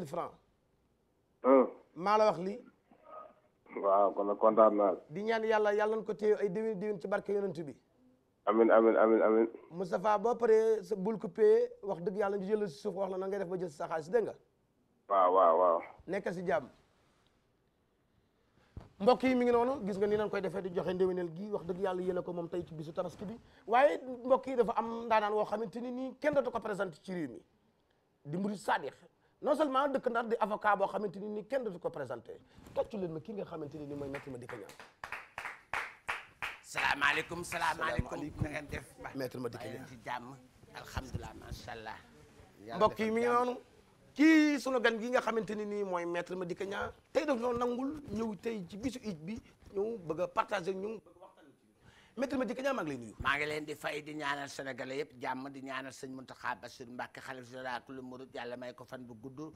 mille francs hmm. maa wax lii waaw kon nag di ñaan yàlla yàlla nañ ko téye ay déwén déwén ci barke yonent bi amin amin amin amin Moustapha boo paree sa bul coupé wax dëgg yàlla ñu jël si suuf wax la na ngay def ba jël si sa dégg nga waaw waaw waaw nekk si jàmm mbokk yi mi ngi noonu gis nga ni nañ koy defee di joxe ndéwénel gi wax dëgg yàlla yéene ko moom tey ci bisu tabaski bi waaye mbokk yi dafa am ndaanaan woo xamante ni nii kenn dootu ko présenté ci réew mi di Mouride Sadikh non seulement dëkk Ndar di avocat boo xamante ni ni kenn dootu ko présenté toccu leen ma ki nga xamante ni ni mooy maître Madické Niang salaamaaleykum salaamaaleykum na ngeen def maître Madické Niang ci jàmm macha allah mbokk yi mi ngi noonu kii sunu gan gi nga xamante ni nii mooy maître Madické Niang tey daf noonu nangul ñëw tey ci bisu it bi ñëw bëgg a partager ñun maître Madické Niang maa ngi lay nuyu maa ngi leen di fay di ñaanal sénégalais yëpp jàmm di ñaanal sëñ Mountakha Bassirou Mbacké xalif général kullu murid yàlla may ko fan bu gudd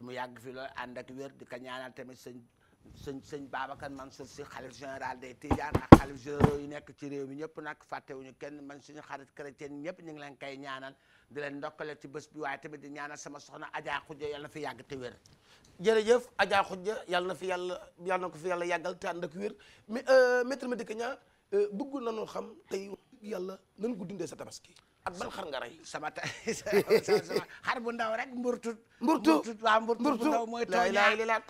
mu yàgg fi loolu ànd ak wér di ko ñaanal tamit sëñ sëñ sëñ Babacar Mansour Sy xalif général des Tidianes ak xalif généraux yi nekk ci réew mi ñëpp nag fàttewuñu kenn man suñu xarit chrétien ñëpp ñu ngi leen koy ñaanal di leen ndokkale ci bés bi waaye tamit di ñaanal sama soxna Adja Khoudia yàlla na fi yàgg te wér jërëjëf Adja Khoudia yàlla na fi yàlla yàlla na ko fi yàlla yàggal te ànd ak wér mais euh, maître Madické Niang Euh, bëgg nañoo xam tey yàlla nan ko dundee sa tabaski. ak ban xar nga rey. sama ta xar bu ndaw rek mburtut. mburtut waaw mburtut bu ndaw la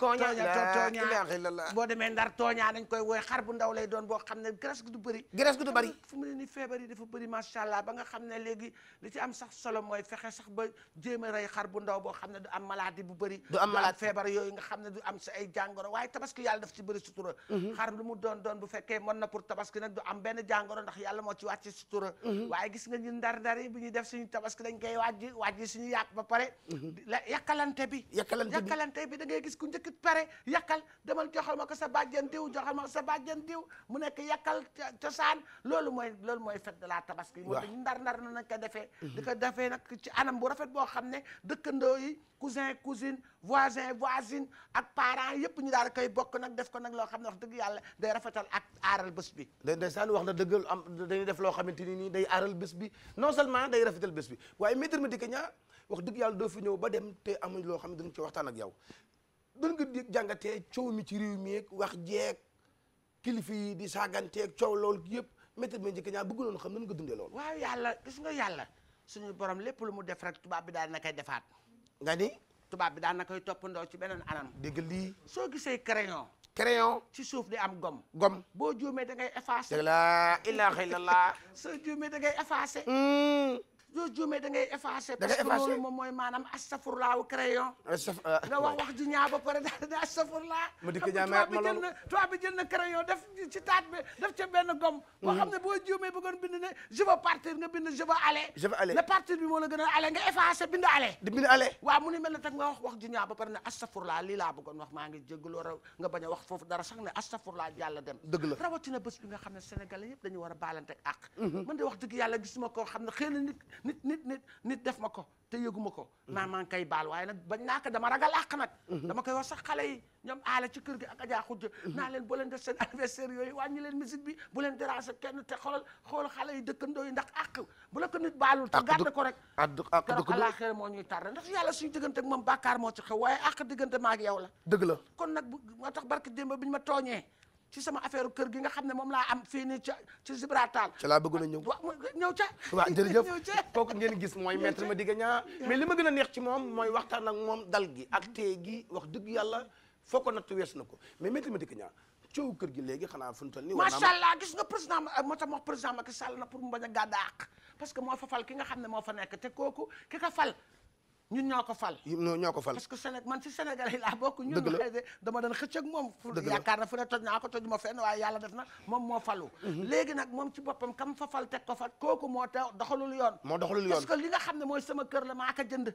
boo demee ndar tooñaa dañ koy woy xar bu ndaw lay doon boo xam ne graisse gu du bëri. graisse gu mu ne feebar yi dafa bëri macha allah ba nga xam ne léegi li ci am sax solo mooy fexe sax ba jéem a rey xar bu ndaw boo xam ne du am maladie bu bëri. du am maladie feebar yooyu nga xam ne du am sa ay jàngoro waaye tabaski yàlla def ci bëri sutura. Mhm. xar lu mu doon doon bu fekkee mën na pour tabaski nag du am benn jàngoro ndax yàlla moo ci wàcce sutura mhm. waaye gis nga ñu ndar dar yi bu ñuy def suñu tabaski dañ koy wàjji wàjji suñu yàq ba pare mhm. yakalante bi yàkkalante bi da ngay gis ku njëkk pare yàkkal demal joxal ma ko sa bàjjan diw joxal ma sa bàjjan diw mu nekk yàkkal cosaan loolu mooy loolu mooy fête de la tabaski moo tax ndar ndar na nañ ko defee mhm. di ko defee nag ci anam bu rafet boo xam ne dëkkandoo yi cousin cousine voisin voisine ak parents yëpp ñu daal koy bokk nag def ko nag loo xam ne wax dëgg yàlla day rafetal ak aaral bés bi ndeysaan wax na dëggal am dañuy def loo xamante ni nii day aaral bés bi seulement day rafetal bés bi waaye maître Madické Niang wax dëgg yàlla doo fi ñëw ba dem te amuñ loo xam ne dañ ci waxtaan ak yow doon nga jàngatee coow mi ci réew mi ak wax jeeg kilifa yi di saaganteeg coow loolu yëpp maître Madické Niang bëgg noonu xam nan nga dundee loolu waaw yàlla gis nga yàlla suñu borom lépp lu mu def rek tubaab bi daal na koy defaat nga ni tubaab bi daan na koy toppandoo ci beneen anam. dégg lii soo gisee crayon. crayon ci suuf di am gom. gom boo juumee da ngay effacé. la ilaha illallah. soo juumee da ngay yoo juumee da ngay effacé. da ngay effacé parce que loolu moom mooy maanaam astafurlaawu crayon. Euh, euh, nga wax wax ju ñaaw ba mm-hmm. ne boo juumee bëggoon bind ne je veux partir bi moo la gën a aller nga effacé bind aller. di bind aller waaw mu nga wax wax ju ñaaw ba pare ne astafurlaa lii laa bëggoon wax maa ngi a wax dara sax ne astafurlaa jàll nga xam ne sénégalais yëpp dañu war a baalante ak mm-hmm. man de wax dëgg yàlla gisuma koo ne xëy nit nit nit nit def ma ko te yëguma ko naa maa ngi koy baal waaye nag bañ naa ko dama ragal àq nag dama koy wax sax xale yi ñoom aala ci kër gi ak ajaa xujja naa leen bu leen def seen anniversaire yooyu wàññi leen musique bi bu leen déranger kenn te xoolal xool xale yi dëkkandoo yi ndax àq bu la ko nit baalul te gàdd ko rek keroog àllaaxira moo ñuy tarre ndax yàlla suñu diggante ak moom bàkkaar moo ci xew waaye àq diggante ma ak yow la dëgg la kon nag moo tax barke démb bi ñu ma tooñee ci sama affaire kër gi nga xam ne moom laa am fii nii ca ci Gibraltar. ca laa bëgg na ñëw waaw ñëw ca. waaw jërëjëf ngeen gis mooy maître Madické Niang mais li ma gën a neex ci moom mooy waxtaan ak moom dal gi ak tey gi wax dëgg yàlla foo na natt wees na ko mais maître Madické Niang coow kër gi léegi xanaa fu mu toll nii. macha allah gis nga président euh, moo tax na pour mu bañ a gàddaaq parce que moo fa fal ki nga xam ne moo fa nekk te kooku ki ka fal ñun ñoo ko fal. ñoo ko fal parce que Sénégal man si Sénégal yi laa bokk. ñun xëy dama doon xëcc ak moom. dëgg yaakaar na fu toj naa ko waaye yàlla def na moom moo falu. Mhm. léegi nag moom ci boppam kam fa fal teg ko fa kooku moo tax doxalul yoon. moo doxalul yoon parce que li nga xam ne mooy sama kër la maa ko jënd.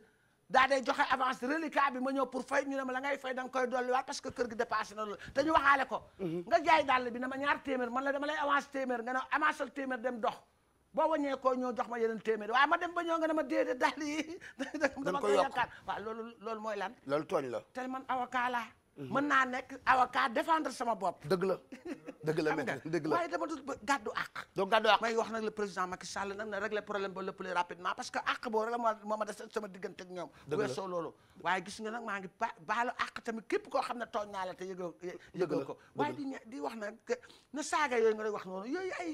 daa day joxe avance reliquat bi ma ñëw pour fay ñu ne ma la ngay fay da nga koy dolliwaat parce que kër gi dépassé na te ñu waxaale ko. Mhm. nga jaay dàll bi na ma ñaar téeméer man la dama lay avance téeméer nga ne avance téeméer dox boo waññee ko ñoo jox ma yeneen téeméeri waaw ma dem ba ñoo nga ne ma déedéet daal yi dama koy yokkaat waaw loolu loolu mooy lan loolu tooñ la te man avocat laa mhm. mën naa nekk avocat défendre sama bopp dëgg la dëgg la mais dëgg la waaye dama dul gàddu àq donc gàddu àq may wax nag le président Macky Sall nag na régler problème ba le plus rapidement parce que àq boo rek la moo ma des sama diggante ak ñoom bu waaye gis nga nag maa ngi ba baalu àq tamit képp koo xam ne tooñ naa la te yëgoo yëgoo ko waaye di di wax nag na saaga yooyu nga doon wax noonu yooyu ay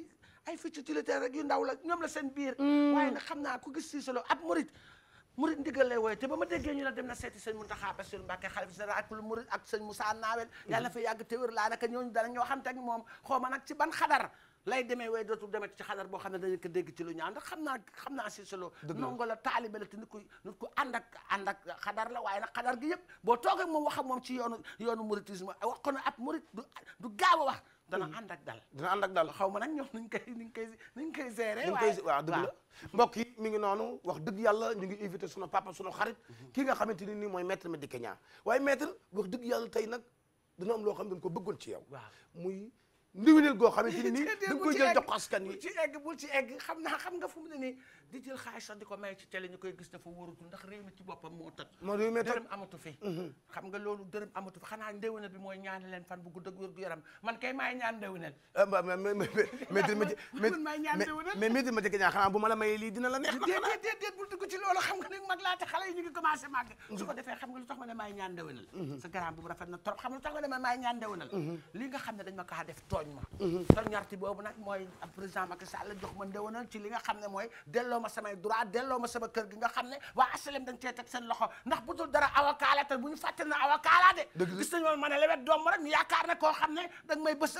ay futilité rek yu ndaw la ñoom la seen biir. Mm. waaye na xam naa ku gis Cissé Lo ab murit murit ndigal lay wooye te ba ma déggee ñu ne dem na seet sëñ Mountakha Bassirou Mbacké xalif général ak lu murit ak sëñ Moussa Nawel mm-hmm. yàlla fa yàgg téwér laa naka ñooñu dana ñoo xam teg moom xaw ma nag ci ban xadar lay demee way dootul demee ci xadar boo xam ne dañu dégg ci lu ñaaw ndax xam naa xam naa si solo nongo la taalibe la te nit ku nit ku ak ànd ak xadar la waay na xadar gi yëpp boo toogee moom wax ak moom ci yoonu yoonu muritisme wax ko na ab murit du du gaaw a dana hmm. ànd ak dal dana ànd ak dal xaw ma nag ñoom nuñ koy nuñ koy nuñ koy gérer waaye waaw dëgg la yi mi ngi noonu wax dëgg yàlla ñu ngi invité sunu papa sunu xarit hmm. ki nga xamante ni nii mooy mi Madické Niang waaye maître wax dëgg yàlla tey nag dana am loo xam dañ ko bëggoon ci yow muy ndiwinil goo ni da nga koy jël jox askan yi ci egg xam naa xam nga fu mu ne nii di ci télé koy gis dafa wóorutul ndax réew mi ci boppam moo nga loolu dërëm amatu fi xanaa xanaa bu ma la mayee lii dina la neex déedéet déedéet bul xam nga nag mag laa te xale yi ñu nga lu tax ma garaam bu rafet na trop xam nga lu tax ma maay ñaan ndéwénal li nga xam ne dañ ma kaa def tooñ tooñ ma tooñarti mhm. boobu nag mooy président Macky mooy delloo ma samay droit delloo ma sama na avocat doom ma rek ñu ne koo xam ne danga may bës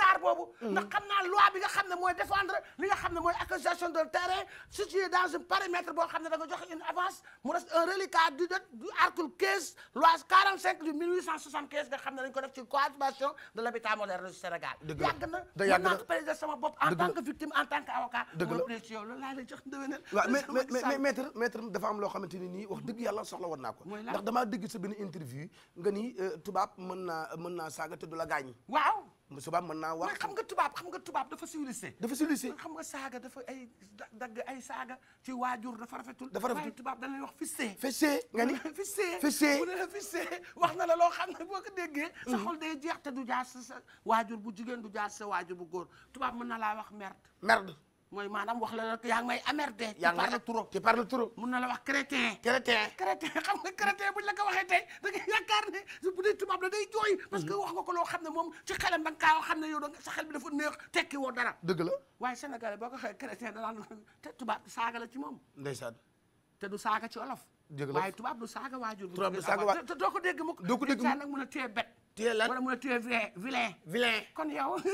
saar boobu mhm. ndax xam naa loi bi nga xam ne mooy défendre li nga ne mooy accusation de terrain situé dans un périmètre boo xam ne da nga une avance mu reste un reliquat du du article 15 loi 45 du 1875 nga xam ne dañ ko def ci cohabitation de l'habitat moderne moderne du Sénégal. yàgg na da yàgg na président sama bopp en tant que victime en tant que avocat. dëgg la ma ci yow loolu laa lay jox ndëwénal. waaw mais mais mais maître maître dafa am loo xamante ni nii wax dëgg yàlla soxla woon naa ko. ndax damaa dégg sa benn interview nga ni euh, tubaab mën naa mën naa saaga te du la gaañ. waaw. subaab mën naa wax. xam ga tubaab xam nga tubaab dafa civilisé. dafa civilisé xam nga saaga dafa ay dagg ay saaga ci waajur dafa rafetul. dafa rafetul waaye tubaab dañ wax fessé. fessé nga ni fessé wax na la loo xam ne boo ko déggee. sa mm-hmm. xol day jeex te du jaar sa waajur bu jigéen du jaar sa waajur bu góor tubaab mën na laa wax merde. merde. mooy maanaam wax la yaa ngi may yaa ngi may parle trop ci parle trop. mun na la wax crétin. crétin crétin xam nga bu jooy. Mm-hmm. parce que wax nga ko loo xam ne moom ci xelam da nga kaa xam ne yow da nga sa xel bi dafa neex tekki woo dara. dëgg la waaye sénégalais boo ko xëyee crétin te tubaab saaga la ci moom. te du saaga ci olof. dëgg la waaye tubaab du saaga waajur. tubaab du saaga waajur ah, te doo ko dégg mukk. doo ko dégg mukk nag mun a téye bet. téye wala mun a téye vilain. vilain